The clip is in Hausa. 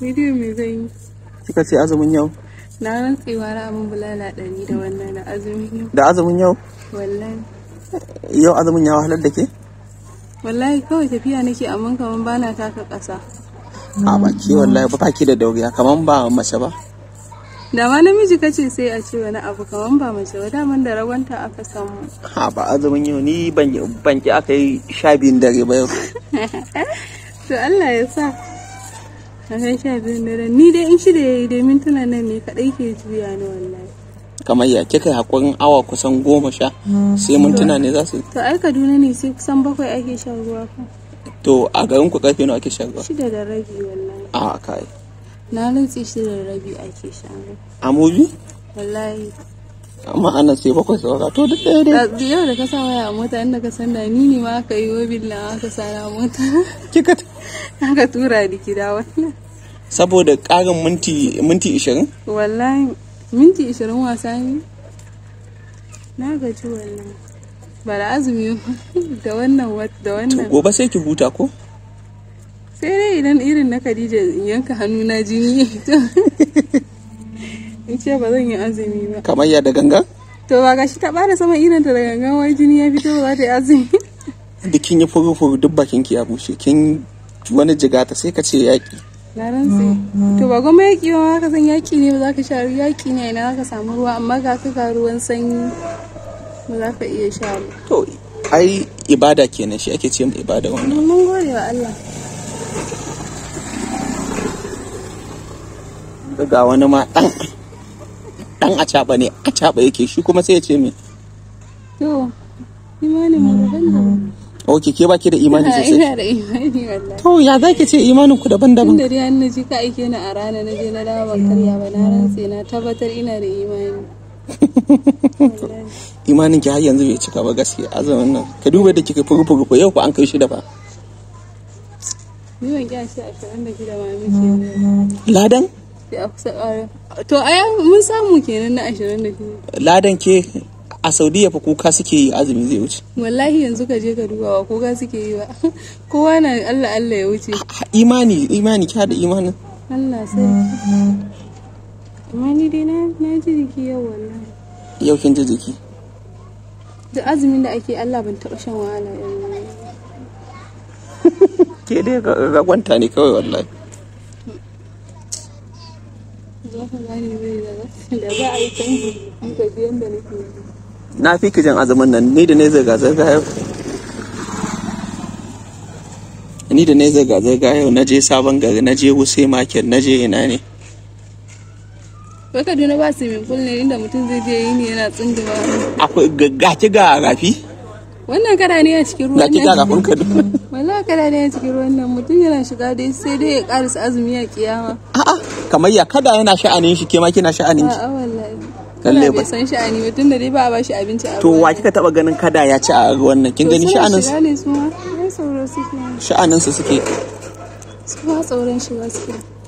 Video mai zai yi? Kika ce azumin yau? Na rantsewa na abin bulala ɗari da wannan da azumin yau. Da azumin yau? Wallahi. Yau azumin ya wahalar da ke? Wallahi kawai tafiya nake amma kaman bana taka ƙasa. A baki wallahi ba baki da dauriya kamar ba mace ba. Da ma namiji kace sai a ce wani abu kamar ba mace ba daman da ragonta aka samu. Ha ba azumin yau ni ban ki aka yi sha biyun dare ba yau. To Allah ya sa. a ni dai in shirya ya yi dai mintuna nan ne kaɗai ke juya ni wallahi kamar ya kika hakurin awa kusan goma sha hmm. sai mintuna ne za su to ai kaduna ne sai kusan bakwai ake shan ruwa fa to a garin ku karfe nawa ake shan ruwa shida da rabi wallahi a kai na lutse shida da rabi ake shan ruwa a mobi wallahi amma ana sai bakwai saura to duk ɗaya dai yau da ka sa waya a mota inda ka san da ni ne ma aka yi wobin na aka sa na mota kika aka tura ni gida wannan saboda ƙarin minti ishirin? 20 wallahi minti 20 wasa ne na gaji wallahi bara azumi da wannan da wannan gobe sai ki huta ko sai dai idan irin na Khadija in yanka hannu na jini in ce ba zan yi azumi ba kamar ya da gangan to ba gashi ta bada sama irin ta da gangan wai jini ya fito ba za ta yi azumi dukin ya yi furu furu duk bakin ki ya bushe kin wani jigata sai ka ce yaƙi yaran sai to ba goma yaƙi ba ma ka san yaƙi ne ba za ka sha yaƙi ne na ka samu ruwa amma ka ga ruwan sanyi ba za ka iya sha ba to ai ibada kenan shi ake ce ibada wannan mun gode wa Allah ga wani ma dan dan a caba ne a caba yake shi kuma sai ya ce me to imanin mu da ok ke baki da imani sosai ina da imani wallahi to ya zaki ce imanin ku daban-daban da riyan na ji ka aike ni a rana na je na dawo ban karya ba na rantse na tabbatar ina da imani imanin ki har yanzu bai cika ba gaskiya azumin nan ka duba da kika furu furu yau ku an kai shi da ba ni ban kiya shi a shirin da 26 ma miki ladan to aya mun samu kenan na 26 ladan ke a saudiya fa kuka suke yi azumi zai wuce wallahi yanzu ka je ka dubawa kuka suke yi ba kowa na allah allah ya wuce imani imani kya da imanin allah sai imani dai na ji jiki yau wallahi yau kin ji jiki Da azumin da ake allah ban taɓa shan wahala ne. ke dai kwanta ne kawai wallahi da ba a yi canji in ka ji nake yi na fi ki jan azumin nan ni da ne ga zirga gayo ni da ne ga zai yau na je sabon gari na je wuse makin na je ina ne wai duna ba su min ne inda mutum zai je yi ne yana tsunduwa akwai gaki ga rafi wannan kada ne a cikin ruwan nan ga rafin wannan kada ne a cikin ruwan nan mutum yana shiga dai sai dai ya karisa azumi a kiyama a'a kamar ya kada yana sha'anin shi ke ma kina sha'anin ki lalle ba san sha'ani ba tunda dai ba a bashi abinci a to wa kika taba ganin kada ya ci a wannan kin gani sha'anin su ne su ma sha'anin su suke su ma tsoron shiga suke